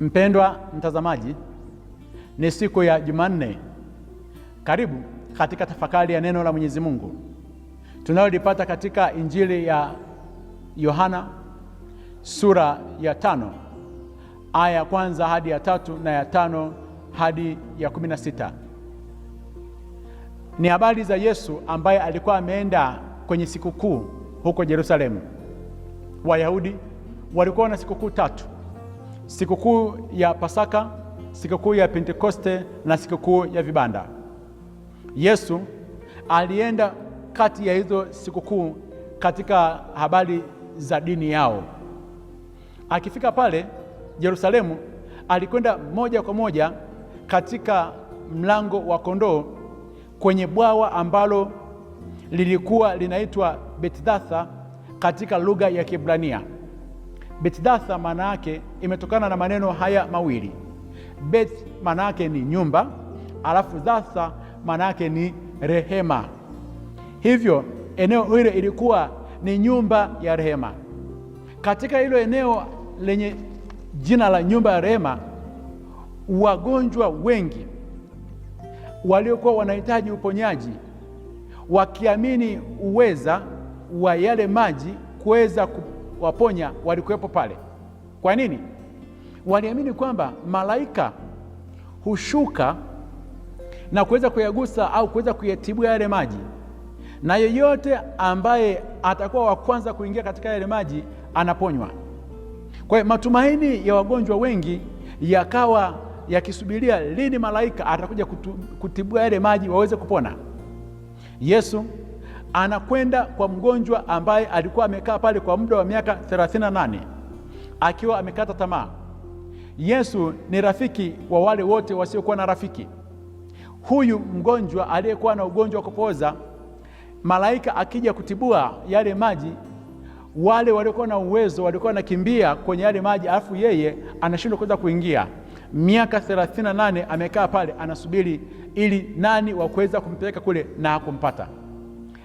Mpendwa mtazamaji, ni siku ya Jumanne. Karibu katika tafakari ya neno la Mwenyezi Mungu tunalolipata katika Injili ya Yohana sura ya tano aya ya kwanza hadi ya tatu na ya tano hadi ya kumi na sita. Ni habari za Yesu ambaye alikuwa ameenda kwenye sikukuu huko Yerusalemu. Wayahudi walikuwa na sikukuu tatu sikukuu ya Pasaka, sikukuu ya Pentekoste na sikukuu ya vibanda. Yesu alienda kati ya hizo sikukuu katika habari za dini yao. Akifika pale Yerusalemu, alikwenda moja kwa moja katika mlango wa kondoo kwenye bwawa ambalo lilikuwa linaitwa betidhatha katika lugha ya Kiebrania. Bethdatha maana yake imetokana na maneno haya mawili bet maana yake ni nyumba, alafu Datha maana yake ni rehema. Hivyo eneo hilo ilikuwa ni nyumba ya rehema. Katika hilo eneo lenye jina la nyumba ya rehema, wagonjwa wengi waliokuwa wanahitaji uponyaji, wakiamini uweza wa yale maji kuweza waponya walikuwepo pale. Kwa nini? Waliamini kwamba malaika hushuka na kuweza kuyagusa au kuweza kuyatibua yale maji, na yeyote ambaye atakuwa wa kwanza kuingia katika yale maji anaponywa. Kwa hiyo matumaini ya wagonjwa wengi yakawa yakisubiria lini malaika atakuja kutibua yale maji waweze kupona. Yesu anakwenda kwa mgonjwa ambaye alikuwa amekaa pale kwa muda wa miaka 38 akiwa amekata tamaa. Yesu ni rafiki wa wale wote wasiokuwa na rafiki. Huyu mgonjwa aliyekuwa na ugonjwa wa kupooza, malaika akija kutibua yale maji, wale waliokuwa na uwezo walikuwa wanakimbia kwenye yale maji, alafu yeye anashindwa kuweza kuingia. Miaka 38 amekaa pale anasubiri ili nani wa kuweza kumpeleka kule na kumpata.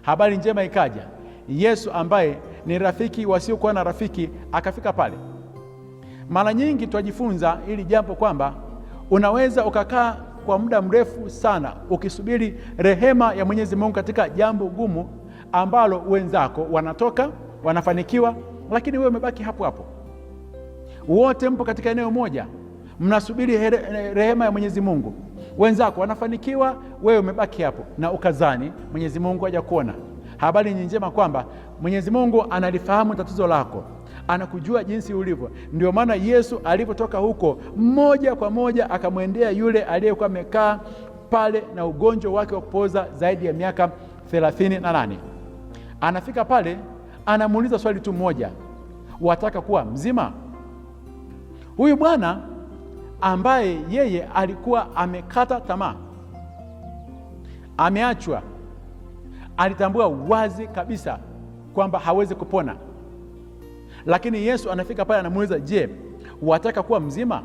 Habari njema ikaja, Yesu ambaye ni rafiki wasiokuwa na rafiki akafika pale. Mara nyingi twajifunza ili jambo kwamba unaweza ukakaa kwa muda mrefu sana ukisubiri rehema ya Mwenyezi Mungu katika jambo gumu ambalo wenzako wanatoka wanafanikiwa, lakini wewe umebaki hapo hapo. Wote mpo katika eneo moja, mnasubiri rehema ya Mwenyezi Mungu wenzako wanafanikiwa, wewe umebaki hapo na ukazani, Mwenyezi Mungu haja kuona. Habari ni njema kwamba Mwenyezi Mungu analifahamu tatizo lako, anakujua jinsi ulivyo. Ndio maana Yesu alipotoka huko, moja kwa moja akamwendea yule aliyekuwa amekaa pale na ugonjwa wake wa kupooza zaidi ya miaka thelathini na nane. Anafika pale, anamuuliza swali tu moja, wataka kuwa mzima? Huyu bwana ambaye yeye alikuwa amekata tamaa, ameachwa. Alitambua wazi kabisa kwamba hawezi kupona, lakini Yesu anafika pale, anamuuliza, je, wataka kuwa mzima?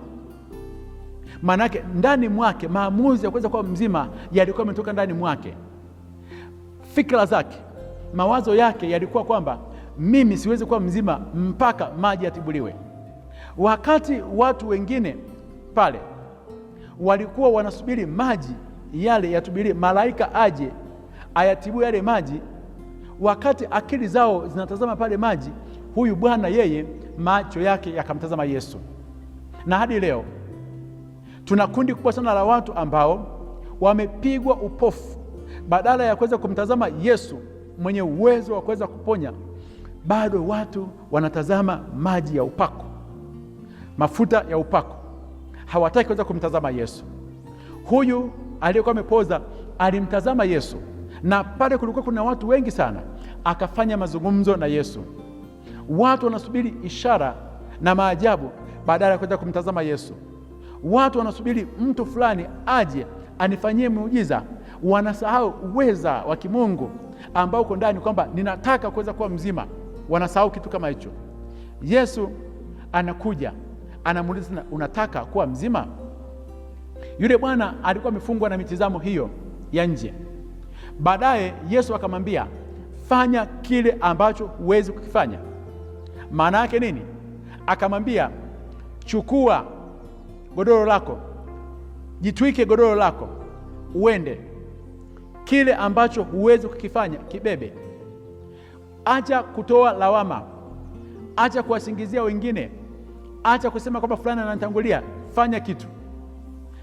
Maanake ndani mwake maamuzi ya kuweza kuwa mzima yalikuwa yametoka ndani mwake. fikira zake, mawazo yake yalikuwa kwamba mimi siwezi kuwa mzima mpaka maji yatibuliwe, wakati watu wengine pale walikuwa wanasubiri maji yale yatubiri, malaika aje ayatibu yale maji. Wakati akili zao zinatazama pale maji, huyu bwana yeye macho yake yakamtazama Yesu. Na hadi leo tuna kundi kubwa sana la watu ambao wamepigwa upofu, badala ya kuweza kumtazama Yesu mwenye uwezo wa kuweza kuponya, bado watu wanatazama maji ya upako, mafuta ya upako hawataki kuweza kumtazama Yesu. Huyu aliyekuwa amepoza alimtazama Yesu, na pale kulikuwa kuna watu wengi sana, akafanya mazungumzo na Yesu. Watu wanasubiri ishara na maajabu badala ya kuweza kumtazama Yesu. Watu wanasubiri mtu fulani aje anifanyie muujiza, wanasahau uweza wa kimungu ambao uko ndani, kwamba ninataka kuweza kuwa mzima. Wanasahau kitu kama hicho. Yesu anakuja anamuuliza unataka kuwa mzima? Yule bwana alikuwa amefungwa na mitizamo hiyo ya nje. Baadaye Yesu akamwambia, fanya kile ambacho huwezi kukifanya. Maana yake nini? Akamwambia, chukua godoro lako, jitwike godoro lako, uende. Kile ambacho huwezi kukifanya kibebe. Acha kutoa lawama, acha kuwasingizia wengine acha kusema kwamba fulani ananitangulia, fanya kitu.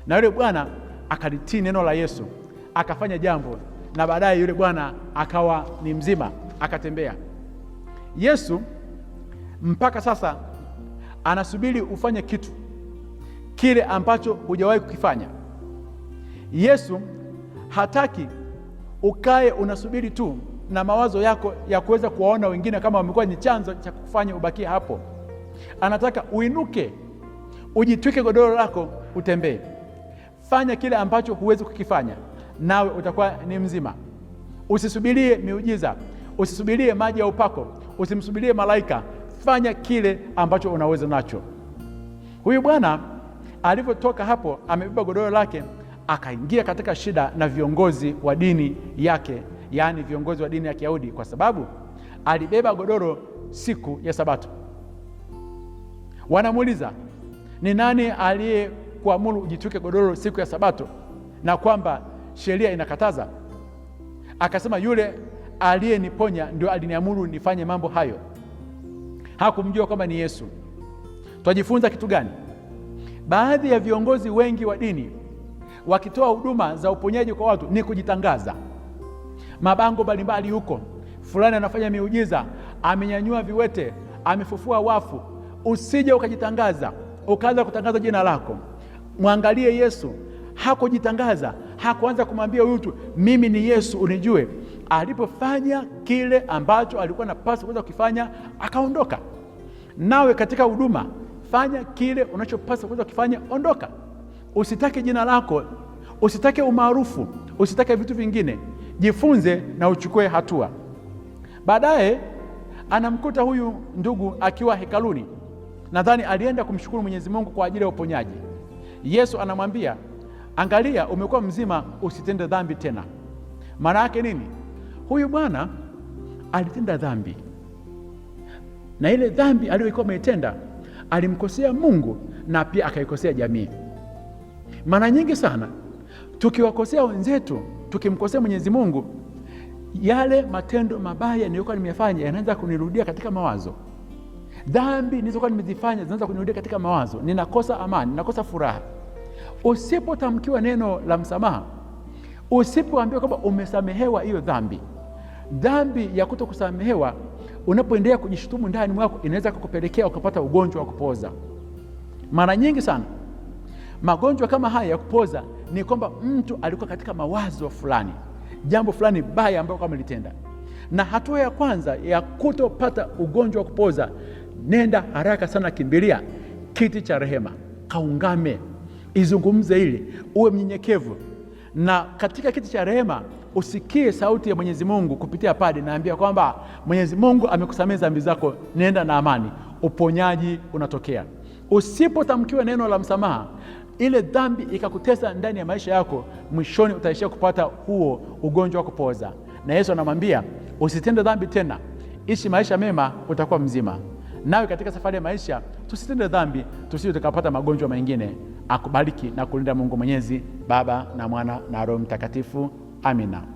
Na yule bwana akalitii neno la Yesu, akafanya jambo, na baadaye yule bwana akawa ni mzima, akatembea. Yesu mpaka sasa anasubiri ufanye kitu kile ambacho hujawahi kukifanya. Yesu hataki ukae unasubiri tu na mawazo yako ya kuweza kuwaona wengine kama wamekuwa ni chanzo cha kufanya ubakie hapo. Anataka uinuke, ujitwike godoro lako, utembee. Fanya kile ambacho huwezi kukifanya, nawe utakuwa ni mzima. Usisubirie miujiza, usisubirie maji ya upako, usimsubirie malaika. Fanya kile ambacho unaweza nacho. Huyu bwana alivyotoka hapo, amebeba godoro lake, akaingia katika shida na viongozi wa dini yake, yaani viongozi wa dini ya Kiyahudi, kwa sababu alibeba godoro siku ya Sabato. Wanamuuliza, ni nani aliyekuamuru ujitwike godoro siku ya Sabato na kwamba sheria inakataza? Akasema, yule aliyeniponya ndio aliniamuru nifanye mambo hayo. Hakumjua kwamba ni Yesu. Twajifunza kitu gani? Baadhi ya viongozi wengi wa dini wakitoa huduma za uponyaji kwa watu ni kujitangaza, mabango mbalimbali huko, fulani anafanya miujiza, amenyanyua viwete, amefufua wafu Usije ukajitangaza ukaanza kutangaza jina lako. Mwangalie Yesu, hakujitangaza hakuanza kumwambia huyu mtu mimi ni Yesu unijue. Alipofanya kile ambacho alikuwa anapaswa kuweza kukifanya, akaondoka. Nawe katika huduma, fanya kile unachopaswa kuweza kukifanya, ondoka. Usitake jina lako, usitake umaarufu, usitake vitu vingine. Jifunze na uchukue hatua. Baadaye anamkuta huyu ndugu akiwa hekaluni nadhani alienda kumshukuru Mwenyezi Mungu kwa ajili ya uponyaji. Yesu anamwambia angalia, umekuwa mzima, usitende dhambi tena. Maana yake nini? Huyu bwana alitenda dhambi, na ile dhambi aliyokuwa ameitenda alimkosea Mungu na pia akaikosea jamii. Mara nyingi sana tukiwakosea wenzetu, tukimkosea Mwenyezi Mungu, yale matendo mabaya niliyokuwa nimefanya yanaanza kunirudia katika mawazo dhambi nilizokuwa nimezifanya zinaanza kunirudia katika mawazo, ninakosa amani, ninakosa furaha. Usipotamkiwa neno la msamaha, usipoambiwa kwamba umesamehewa hiyo dhambi, dhambi ya kuto kusamehewa, unapoendelea kujishutumu ndani mwako, inaweza kukupelekea ukapata ugonjwa wa kupoza. Mara nyingi sana magonjwa kama haya ya kupoza ni kwamba mtu alikuwa katika mawazo fulani, jambo fulani baya ambayo kama litenda, na hatua ya kwanza ya kutopata ugonjwa wa kupoza nenda haraka sana, kimbilia kiti cha rehema, kaungame, izungumze ili uwe mnyenyekevu, na katika kiti cha rehema usikie sauti ya Mwenyezi Mungu kupitia padi, naambia kwamba Mwenyezi Mungu amekusamehe dhambi zako, nenda na amani, uponyaji unatokea. Usipotamkiwa neno la msamaha, ile dhambi ikakutesa ndani ya maisha yako, mwishoni utaishia kupata huo ugonjwa wa kupooza. Na Yesu anamwambia usitende dhambi tena, ishi maisha mema, utakuwa mzima. Nawe katika safari ya maisha tusitende dhambi, tusije tukapata magonjwa mengine. Akubariki na kulinda Mungu Mwenyezi, Baba na Mwana na Roho Mtakatifu. Amina.